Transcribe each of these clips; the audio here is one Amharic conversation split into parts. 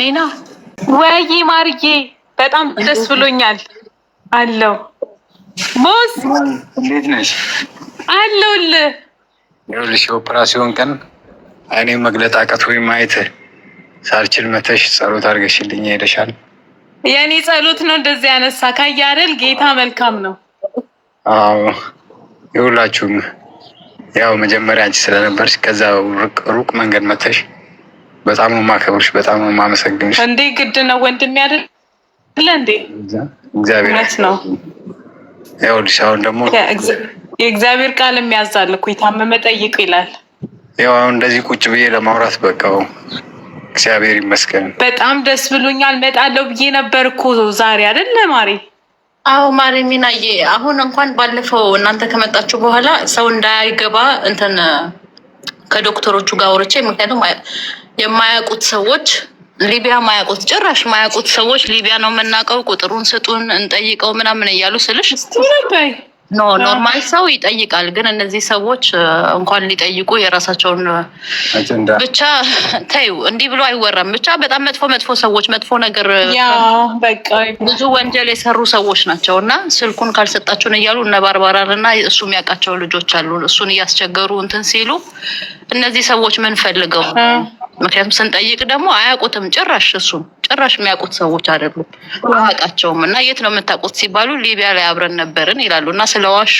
ሜና ወይ ማርዬ በጣም ደስ ብሎኛል። አለው ቦስ እንዴት ነሽ? አለሁልህ። ይኸውልሽ የኦፕራሲዮን ቀን አይኔ መግለጥ አቀት ወይ ማየት ሳልችል መተሽ ጸሎት አድርገሽልኝ ሄደሻል። የእኔ ጸሎት ነው እንደዚህ ያነሳ ካያደል ጌታ መልካም ነው። አዎ የሁላችሁም ያው መጀመሪያ አንቺ ስለነበርሽ ከዛ ሩቅ መንገድ መተሽ በጣም ነው ማከብርሽ፣ በጣም ነው ማመሰግንሽ። እንዴ ግድ ነው ወንድሜ አይደል እንዴ? እግዚአብሔር ነው ይኸውልሽ። አሁን ደግሞ የእግዚአብሔር ቃል የሚያዛል እኮ የታመመ ጠይቅ ይላል። ያው አሁን እንደዚህ ቁጭ ብዬ ለማውራት በቃው እግዚአብሔር ይመስገን። በጣም ደስ ብሎኛል። እመጣለሁ ብዬ ነበር እኮ ዛሬ አይደለ ማሬ? አዎ ማሬ ሚናዬ። አሁን እንኳን ባለፈው እናንተ ከመጣችሁ በኋላ ሰው እንዳይገባ እንትን ከዶክተሮቹ ጋር አውርቼ ምክንያቱም የማያውቁት ሰዎች ሊቢያ ማያውቁት ጭራሽ ማያውቁት ሰዎች ሊቢያ ነው የምናውቀው፣ ቁጥሩን ስጡን እንጠይቀው ምናምን እያሉ ስልሽ ኖ ኖርማል ሰው ይጠይቃል። ግን እነዚህ ሰዎች እንኳን ሊጠይቁ የራሳቸውን ብቻ ተይው፣ እንዲህ ብሎ አይወራም። ብቻ በጣም መጥፎ መጥፎ ሰዎች መጥፎ ነገር ብዙ ወንጀል የሰሩ ሰዎች ናቸው እና ስልኩን ካልሰጣችሁን እያሉ እነ ባርባራን እና እሱ የሚያውቃቸው ልጆች አሉ እሱን እያስቸገሩ እንትን ሲሉ እነዚህ ሰዎች ምን ፈልገው ምክንያቱም ስንጠይቅ ደግሞ አያውቁትም። ጭራሽ እሱም ጭራሽ የሚያውቁት ሰዎች አይደሉም፣ አያውቃቸውም። እና የት ነው የምታውቁት ሲባሉ ሊቢያ ላይ አብረን ነበርን ይላሉ። እና ስለዋሹ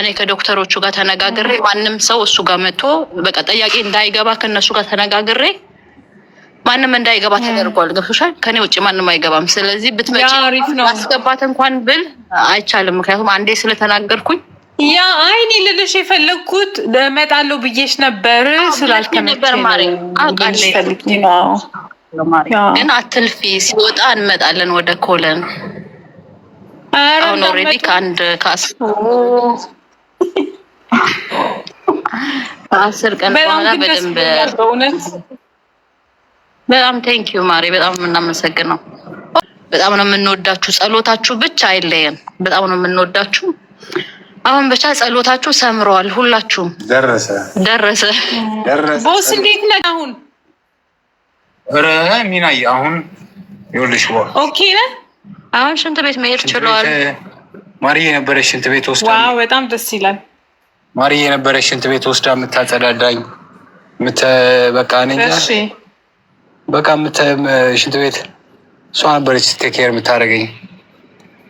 እኔ ከዶክተሮቹ ጋር ተነጋግሬ ማንም ሰው እሱ ጋር መጥቶ በቃ ጠያቄ እንዳይገባ ከነሱ ጋር ተነጋግሬ ማንም እንዳይገባ ተደርጓል። ገብቶሻል? ከኔ ውጭ ማንም አይገባም። ስለዚህ ብትመጪ ማስገባት እንኳን ብል አይቻልም። ምክንያቱም አንዴ ስለተናገርኩኝ ያ አይኔ ልልሽ የፈለግኩት እመጣለሁ ብዬሽ ነበር ስላልከነበር ማሪ ግን አትልፊ፣ ሲወጣ እንመጣለን ወደ ኮለን። አሁን ኦልሬዲ ከአንድ ከአስር ቀን በኋላ በደንብ በጣም ቴንኪዩ ማሪ፣ በጣም የምናመሰግነው በጣም ነው የምንወዳችሁ። ጸሎታችሁ ብቻ አይለየን። በጣም ነው የምንወዳችሁ። አሁን ብቻ ጸሎታችሁ ሰምረዋል። ሁላችሁም ደረሰ ደረሰ ደረሰ። ቦስ እንዴት ነህ? አሁን ሚናዬ አሁን ይኸውልሽ ኦኬ ነህ? አሁን ሽንት ቤት መሄድ ችለዋል። ማርዬ የነበረ ሽንት ቤት ወስዳ በጣም ደስ ይላል። ማርዬ የነበረ ሽንት ቤት ወስዳ የምታጸዳዳኝ በቃ ነኛ በቃ ሽንት ቤት እሷ ነበረች ቴክ ኬር የምታደርገኝ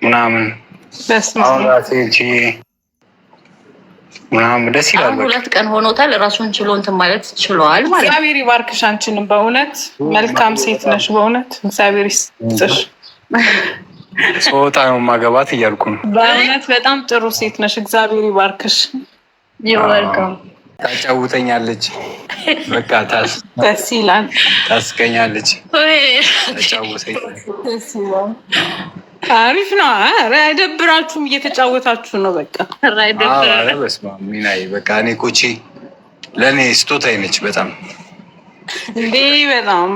ምናምን አሁን ምናምን ደስ ይላል። ሁለት ቀን ሆኖታል። ራሱን ችሎ እንትን ማለት ችለዋል ማለት እግዚአብሔር ይባርክሽ። አንቺንም በእውነት መልካም ሴት ነሽ። በእውነት እግዚአብሔር ይስጥሽ። ፆታ ነው ማገባት እያልኩ ነው። በእውነት በጣም ጥሩ ሴት ነሽ። እግዚአብሔር ይባርክሽ። ይወልከም ታጫውተኛለች። በቃ ደስ ይላል። ታስቀኛለች። ታጫውተኛለች። አሪፍ ነው። ኧረ አይደብራችሁም? እየተጫወታችሁ ነው። በቃ ሚና በቃ እኔ ኮቼ ለእኔ ስቶት አይነች። በጣም እንዴ! በጣም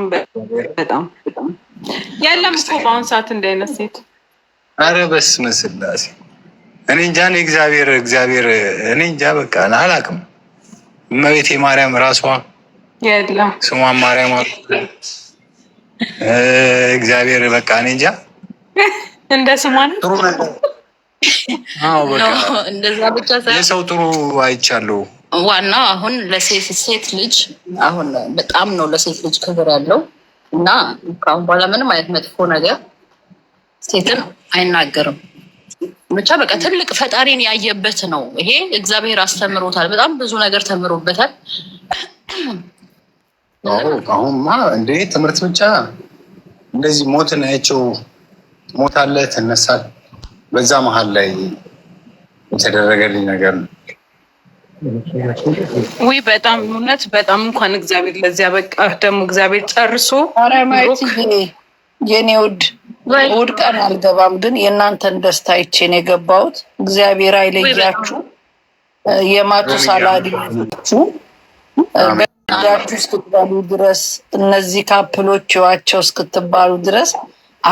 በጣም ያለም እኮ በአሁን ሰዓት እንደ አይነት ሴት አረ በስመ ስላሴ እኔ እንጃ። እኔ እግዚአብሔር እግዚአብሔር እኔ እንጃ በቃ አላቅም። እመቤቴ ማርያም ራሷ የለም ስሟ ማርያም እግዚአብሔር በቃ እኔ እንጃ እንደ ስሟን ጥሩ ነገር እንደዛ ብቻ የሰው ጥሩ አይቻለሁ። ዋናው አሁን ለሴት ልጅ አሁን በጣም ነው ለሴት ልጅ ክብር ያለው እና ከአሁን በኋላ ምንም አይነት መጥፎ ነገር ሴትን አይናገርም። ብቻ በቃ ትልቅ ፈጣሪን ያየበት ነው ይሄ። እግዚአብሔር አስተምሮታል። በጣም ብዙ ነገር ተምሮበታል። አሁንማ እንደ ትምህርት ብቻ እንደዚህ ሞትን አያቸው? ትሞታለህ፣ ትነሳል። በዛ መሀል ላይ የተደረገልኝ ነገር ነው። ውይ በጣም እውነት በጣም እንኳን እግዚአብሔር ለዚያ በቃ ደግሞ እግዚአብሔር ጨርሶ አረማዊት የኔ ውድ እሑድ ቀን አልገባም፣ ግን የእናንተን ደስታ አይቼን የገባሁት እግዚአብሔር አይለያችሁ። የማቱ ዕድሜያችሁ ገዳችሁ እስክትባሉ ድረስ እነዚህ ካፕሎች ዋቸው እስክትባሉ ድረስ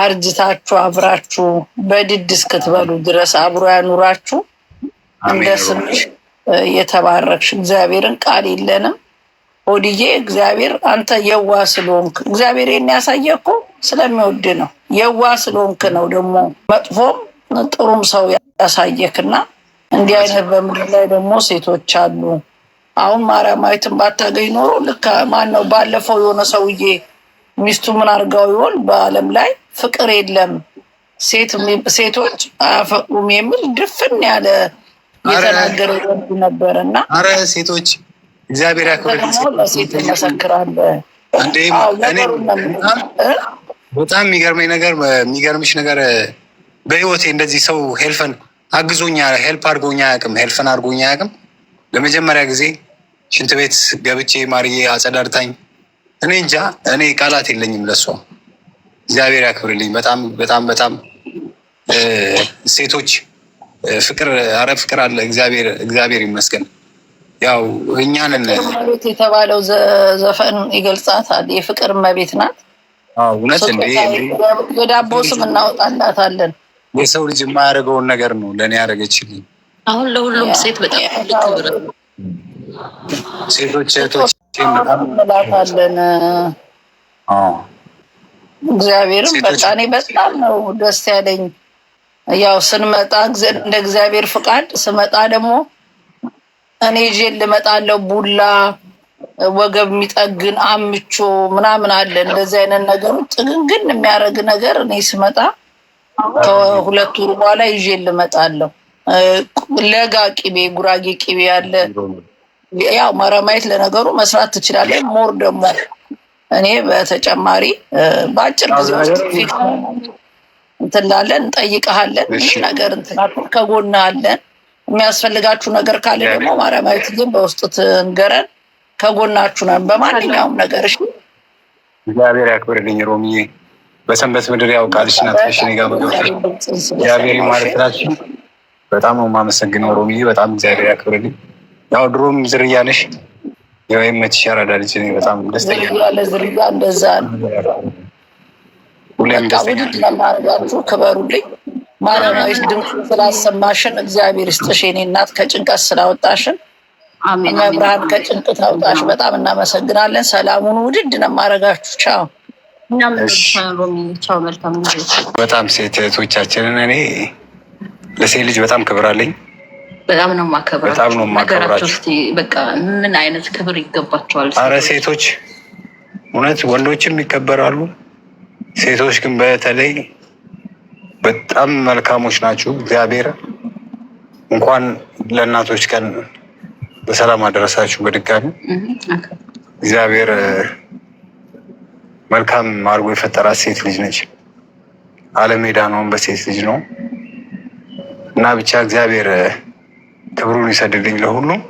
አርጅታችሁ አብራችሁ በድድ እስክትበሉ ድረስ አብሮ ያኑራችሁ። እንደ ስምሽ የተባረክሽ እግዚአብሔርን ቃል የለንም። ሆድዬ እግዚአብሔር አንተ የዋ ስለሆንክ እግዚአብሔር ይህን ያሳየ እኮ ስለሚወድ ነው። የዋ ስለሆንክ ነው ደግሞ መጥፎም ጥሩም ሰው ያሳየክና እንዲህ አይነት በምድር ላይ ደግሞ ሴቶች አሉ። አሁን ማርያማዊትን ባታገኝ ኖሮ ልክ ነው ባለፈው የሆነ ሰውዬ ሚስቱ ምን አድርጋው ይሆን? በአለም ላይ ፍቅር የለም ሴቶች አያፈቅሩም የሚል ድፍን ያለ የተናገረ ወንድ ነበር እና አረ ሴቶች እግዚአብሔር ያክብርሴት መሰክራለ በጣም የሚገርመኝ ነገር የሚገርምሽ ነገር በህይወቴ እንደዚህ ሰው ሄልፈን አግዞኛ ሄልፕ አድርጎኛ ያቅም ሄልፈን አድርጎኛ ያቅም ለመጀመሪያ ጊዜ ሽንት ቤት ገብቼ ማርዬ አጸዳድታኝ እኔ እንጃ፣ እኔ ቃላት የለኝም ለሷ። እግዚአብሔር ያክብርልኝ። በጣም በጣም በጣም ሴቶች ፍቅር፣ አረ ፍቅር አለ። እግዚአብሔር እግዚአብሔር ይመስገን። ያው እኛን እኛንን የተባለው ዘፈን ይገልጻታል። የፍቅር እመቤት ናት። እውነት የዳቦ ስም እናወጣላታለን። የሰው ልጅ የማያደርገውን ነገር ነው ለእኔ ያደረገችልኝ። አሁን ለሁሉም ሴት በጣም ሴቶች እህቶች እንላታለን። እግዚአብሔርም በቃ እኔ በጣም ነው ደስ ያለኝ። ያው ስንመጣ እንደ እግዚአብሔር ፍቃድ ስመጣ ደግሞ እኔ ይዤን ልመጣለው ቡላ፣ ወገብ የሚጠግን አምቾ ምናምን አለ። እንደዚህ አይነት ነገሮች ጥግንግን የሚያደርግ ነገር እኔ ስመጣ ከሁለት ወር በኋላ ይዤን ልመጣለው። ለጋ ቅቤ፣ ጉራጌ ቅቤ አለ ያው መረማየት ለነገሩ መስራት ትችላለህ። ሞር ደግሞ እኔ በተጨማሪ በአጭር ጊዜ ውስጥ እንትንላለን እንጠይቀሃለን። ይህ ነገር ከጎና አለን። የሚያስፈልጋችሁ ነገር ካለ ደግሞ ማረማየት ግን በውስጥ ትንገረን። ከጎናችሁ ነን በማንኛውም ነገር። እሺ፣ እግዚአብሔር ያክብርልኝ ሮሚዬ። በሰንበት ምድር ያው ቃልሽ ናት ከሽኔ ጋር እግዚአብሔር ማለት ናችሁ። በጣም ነው የማመሰግነው ሮሚዬ። በጣም እግዚአብሔር ያክብርልኝ። ያው ድሮም ዝርያ ነሽ የወይመትሽ ያራዳ ልጅ ነኝ። በጣም ደስተኛ ለዝርያ እንደዛ ነው። ሁሌም ደስተኛ ለማድረጋችሁ ክበሩልኝ። ማለማዊት ድምፅ ስላሰማሽን እግዚአብሔር ይስጥሽ የኔ እናት፣ ከጭንቀት ስላወጣሽን መብርሃን ከጭንቅ ታውጣሽ። በጣም እናመሰግናለን። ሰላሙን ውድድ ነው የማደርጋችሁ። ቻው። በጣም ሴት እህቶቻችንን እኔ ለሴት ልጅ በጣም ክብር አለኝ። በጣም ነው ማከብራቸው። ነገራቸው ስ በቃ ምን አይነት ክብር ይገባቸዋል? አረ ሴቶች እውነት ወንዶችም ይከበራሉ። ሴቶች ግን በተለይ በጣም መልካሞች ናቸው። እግዚአብሔር እንኳን ለእናቶች ቀን በሰላም አደረሳችሁ። በድጋሚ እግዚአብሔር መልካም አድርጎ የፈጠራት ሴት ልጅ ነች። አለሜዳ ነውን በሴት ልጅ ነው እና ብቻ እግዚአብሔር ክብሩን ይሰድልኝ ለሁሉም።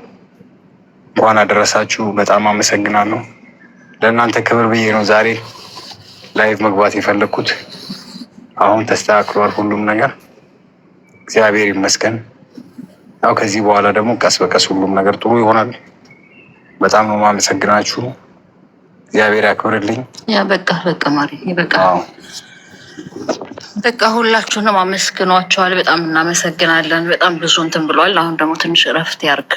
እንኳን አደረሳችሁ። በጣም አመሰግናለሁ። ለእናንተ ክብር ብዬ ነው ዛሬ ላይቭ መግባት የፈለግኩት። አሁን ተስተካክሏል ሁሉም ነገር እግዚአብሔር ይመስገን። ያው ከዚህ በኋላ ደግሞ ቀስ በቀስ ሁሉም ነገር ጥሩ ይሆናል። በጣም ነው ማመሰግናችሁ። እግዚአብሔር ያክብርልኝ። ያ በቃ በቃ ማሪ በቃ በቃ ሁላችሁንም አመስግኗቸዋል። በጣም እናመሰግናለን። በጣም ብዙ እንትን ብሏል። አሁን ደግሞ ትንሽ እረፍት ያርግ።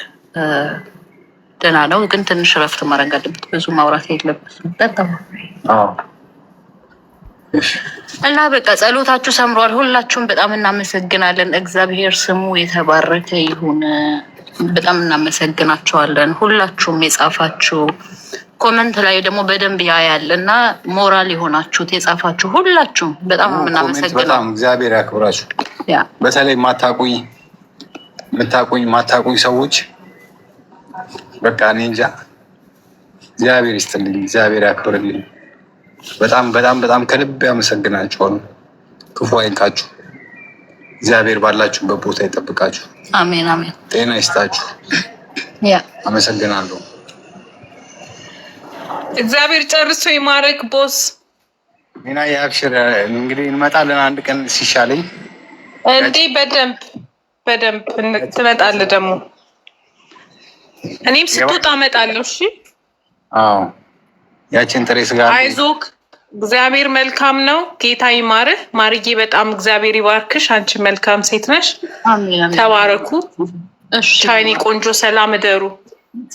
ደህና ነው ግን ትንሽ እረፍት ማድረግ አለበት። ብዙ ማውራት የለበትም። በጣም እና በቃ ጸሎታችሁ ሰምሯል። ሁላችሁም በጣም እናመሰግናለን። እግዚአብሔር ስሙ የተባረከ ይሁን። በጣም እናመሰግናቸዋለን ሁላችሁም የጻፋችሁ ኮመንት ላይ ደግሞ በደንብ ያያል እና ሞራል የሆናችሁት የጻፋችሁ ሁላችሁም በጣም የምናመሰግነው እግዚአብሔር ያክብራችሁ። በተለይ ማታቁኝ የምታቁኝ ማታቁኝ ሰዎች በቃ እኔ እንጃ እግዚአብሔር ይስጥልኝ፣ እግዚአብሔር ያክብርልኝ። በጣም በጣም በጣም ከልብ ያመሰግናችኋለሁ። ክፉ አይንካችሁ። እግዚአብሔር ባላችሁበት ቦታ ይጠብቃችሁ። አሜን አሜን። ጤና ይስጣችሁ። አመሰግናለሁ። እግዚአብሔር ጨርሶ ይማረክ ቦስ። ና የአብሽር እንግዲህ እንመጣለን አንድ ቀን ሲሻለኝ። እንዴ በደንብ በደንብ ትመጣለህ ደግሞ እኔም ስትወጣ እመጣለሁ። እሺ አዎ፣ ያችን ጥሬ ስጋ አይዞክ። እግዚአብሔር መልካም ነው። ጌታ ይማርህ። ማርዬ በጣም እግዚአብሔር ይባርክሽ። አንቺ መልካም ሴት ነሽ። ተባረኩ። ቻይኒ ቆንጆ፣ ሰላም እደሩ።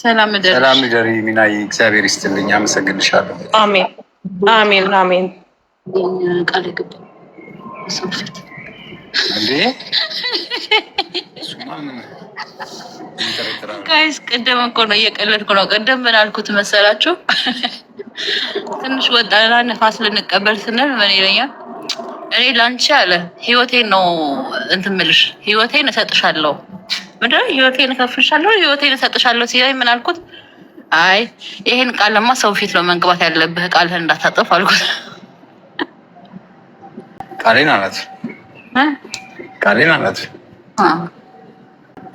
ሰላም ደሪ ሚናዬ፣ እግዚአብሔር ይስጥልኝ። አመሰግንሻለሁ። አሜን አሜን አሜን። ቃል ግባ ጋይስ ቅድም እኮ ነው እየቀለድኩ ነው። ቅድም ምን አልኩት መሰላችሁ? ትንሽ ወጣና ነፋስ ልንቀበል ስንል ምን ይለኛል? እኔ ላንቺ አለ ህይወቴን ነው እንትምልሽ ህይወቴን እሰጥሻለሁ ምንድነው ነው ህይወቴን ከፍልሻለሁ፣ ህይወቴን እሰጥሻለሁ ሲለኝ ምን አልኩት? አይ ይሄን ቃልማ ሰው ፊት ነው መንግባት ያለብህ፣ ቃልህን እንዳታጠፍ አልኩት። ቃሌን አላት ቃሌን አላት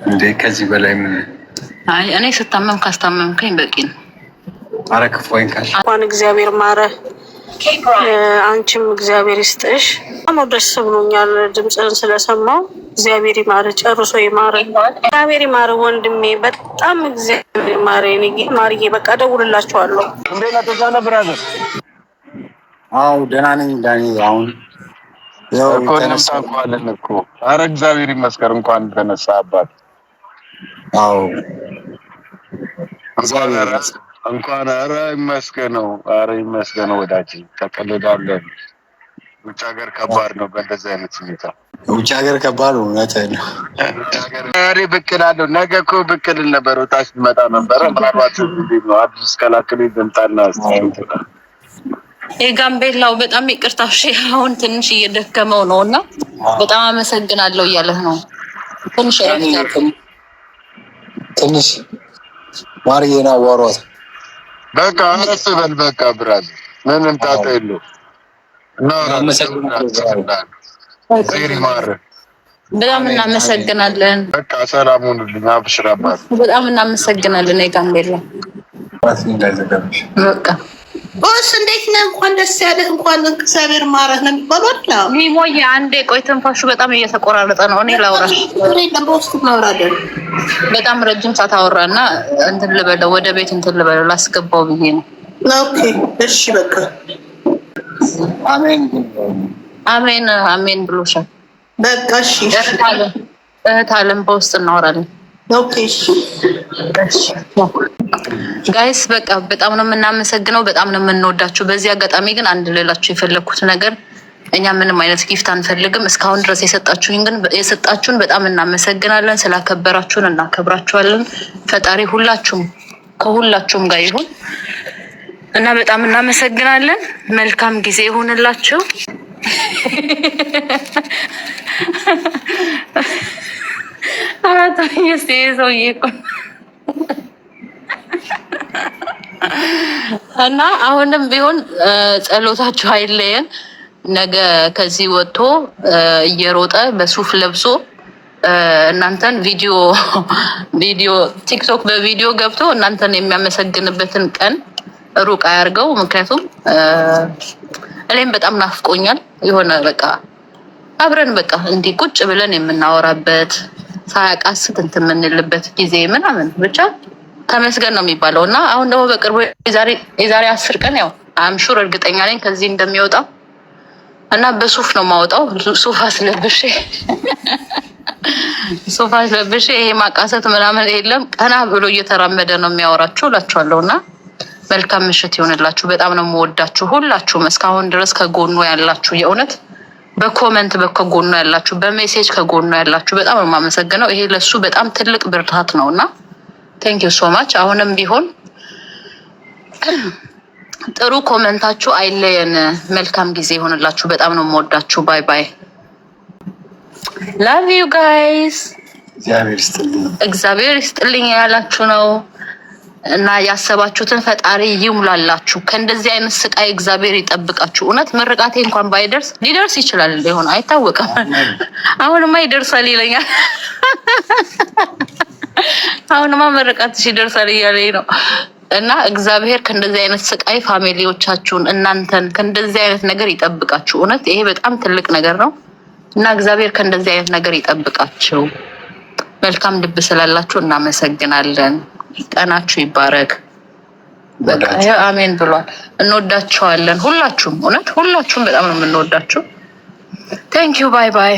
እንዴ ከዚህ በላይ ምን? አይ እኔ ስታመም ካስታመምከኝ በቂ ነው። አረ ክፎኝ ካል እንኳን እግዚአብሔር ማረ። አንቺም እግዚአብሔር ይስጥሽ። ደስ ብሎኛል ድምፅን ስለሰማው እግዚአብሔር ይማረ፣ ጨርሶ ይማረ፣ እግዚአብሔር ይማረ። ወንድሜ በጣም እግዚአብሔር ይማረ። ማርዬ በቃ ደውልላቸዋለሁ። እንዴት ነህ? ተዛነ ብራዘር? አዎ ደህና ነኝ ዳኒ። አሁን ተነሳ እንኳን እኮ አረ እግዚአብሔር ይመስገን እንኳን ተነሳ አባት። አዎ እንኳን አረ ይመስገነው፣ አረ ይመስገነው ወዳጅ። ተቀልዳለን። ውጭ ሀገር ከባድ ነው በእንደዚህ አይነት ሁኔታ ውጭ ሀገር ከባድ ነው። እውነትህን ብቅ እላለሁ። ነገ እኮ ብቅ እል ነበር። ወጣ ስትመጣ ነበረ። ምናልባት አዲስ ከላክል ይዘምጣና የጋምቤላው በጣም ይቅርታ። አሁን ትንሽ እየደከመው ነው እና በጣም አመሰግናለሁ እያለህ ነው። ትንሽ ትንሽ ማርዬን አዋሯት በቃ። አረፍ በል በቃ። ብራል ምንም ጣጣ እና በጣም እናመሰግናለን። በቃ ሰላም ሁኑልኝ። አብሽራ በጣም እናመሰግናለን። ጋምቤላ በቃ ቦስ እንዴት ነህ? እንኳን ደስ ያለህ፣ እንኳን እግዚአብሔር ማረህ ነው የሚባለው። ሚሞዬ አንዴ ቆይ፣ ትንፋሹ በጣም እየተቆራረጠ ነው። እኔ ላውራ በጣም ረጅም ሰዓት አወራ እና እንትን ልበለው፣ ወደ ቤት እንትን ልበለው ላስገባው ብዬ ነው። ኦኬ እሺ፣ በቃ አሜን። አሜን አሜን ብሎሻል። በቃ እሺ፣ እህት አለም በውስጥ እናወራለን። ጋይስ በቃ በጣም ነው የምናመሰግነው፣ በጣም ነው የምንወዳችሁ። በዚህ አጋጣሚ ግን አንድ ልላችሁ የፈለግኩት ነገር እኛ ምንም አይነት ጊፍት አንፈልግም። እስካሁን ድረስ የሰጣችሁኝ ግን የሰጣችሁን በጣም እናመሰግናለን። ስላከበራችሁን እናከብራችኋለን። ፈጣሪ ሁላችሁም ከሁላችሁም ጋር ይሁን እና በጣም እናመሰግናለን። መልካም ጊዜ ይሁንላችሁ። አራት አየስ ሰውዬ እና አሁንም ቢሆን ጸሎታችሁ አይለየን። ነገ ከዚህ ወጥቶ እየሮጠ በሱፍ ለብሶ እናንተን ቪዲዮ ቪዲዮ ቲክቶክ በቪዲዮ ገብቶ እናንተን የሚያመሰግንበትን ቀን ሩቅ አያርገው። ምክንያቱም እኔም በጣም ናፍቆኛል። የሆነ በቃ አብረን በቃ እንዲህ ቁጭ ብለን የምናወራበት ሳያቃስት እንትን የምንልበት ጊዜ ምናምን ብቻ ተመስገን ነው የሚባለው እና አሁን ደግሞ በቅርቡ የዛሬ አስር ቀን ያው አምሹር እርግጠኛ ነኝ ከዚህ እንደሚወጣ እና በሱፍ ነው የማወጣው። ሱፍ አስለብሼ ሱፍ አስለብሼ ይሄ ማቃሰት ምናምን የለም። ቀና ብሎ እየተራመደ ነው የሚያወራቸው እላችኋለሁ እና መልካም ምሽት ይሆንላችሁ። በጣም ነው የምወዳችሁ ሁላችሁም እስካሁን ድረስ ከጎኖ ያላችሁ የእውነት በኮመንት ከጎኗ ያላችሁ፣ በሜሴጅ ከጎኖ ያላችሁ በጣም ነው የማመሰግነው። ይሄ ለሱ በጣም ትልቅ ብርታት ነው እና ቴንክ ዩ ሶ ማች። አሁንም ቢሆን ጥሩ ኮመንታችሁ አይለየን። መልካም ጊዜ ይሆንላችሁ። በጣም ነው የምወዳችሁ። ባይ ባይ። ላቭ ዩ ጋይስ። እግዚአብሔር ይስጥልኝ ያላችሁ ነው። እና ያሰባችሁትን ፈጣሪ ይሙላላችሁ። ከእንደዚህ አይነት ስቃይ እግዚአብሔር ይጠብቃችሁ። እውነት ምርቃቴ እንኳን ባይደርስ ሊደርስ ይችላል፣ ሊሆን አይታወቅም። አሁንማ ይደርሳል ይለኛል። አሁንማ ምርቃትሽ ይደርሳል እያለኝ ነው። እና እግዚአብሔር ከእንደዚህ አይነት ስቃይ ፋሚሊዎቻችሁን፣ እናንተን ከእንደዚህ አይነት ነገር ይጠብቃችሁ። እውነት ይሄ በጣም ትልቅ ነገር ነው እና እግዚአብሔር ከእንደዚህ አይነት ነገር ይጠብቃችሁ። መልካም ልብ ስላላችሁ እናመሰግናለን። ቀናችሁ ይባረክ። አሜን ብሏል። እንወዳችኋለን ሁላችሁም፣ እውነት ሁላችሁም በጣም ነው የምንወዳችሁ። ቴንኪዩ ባይ ባይ።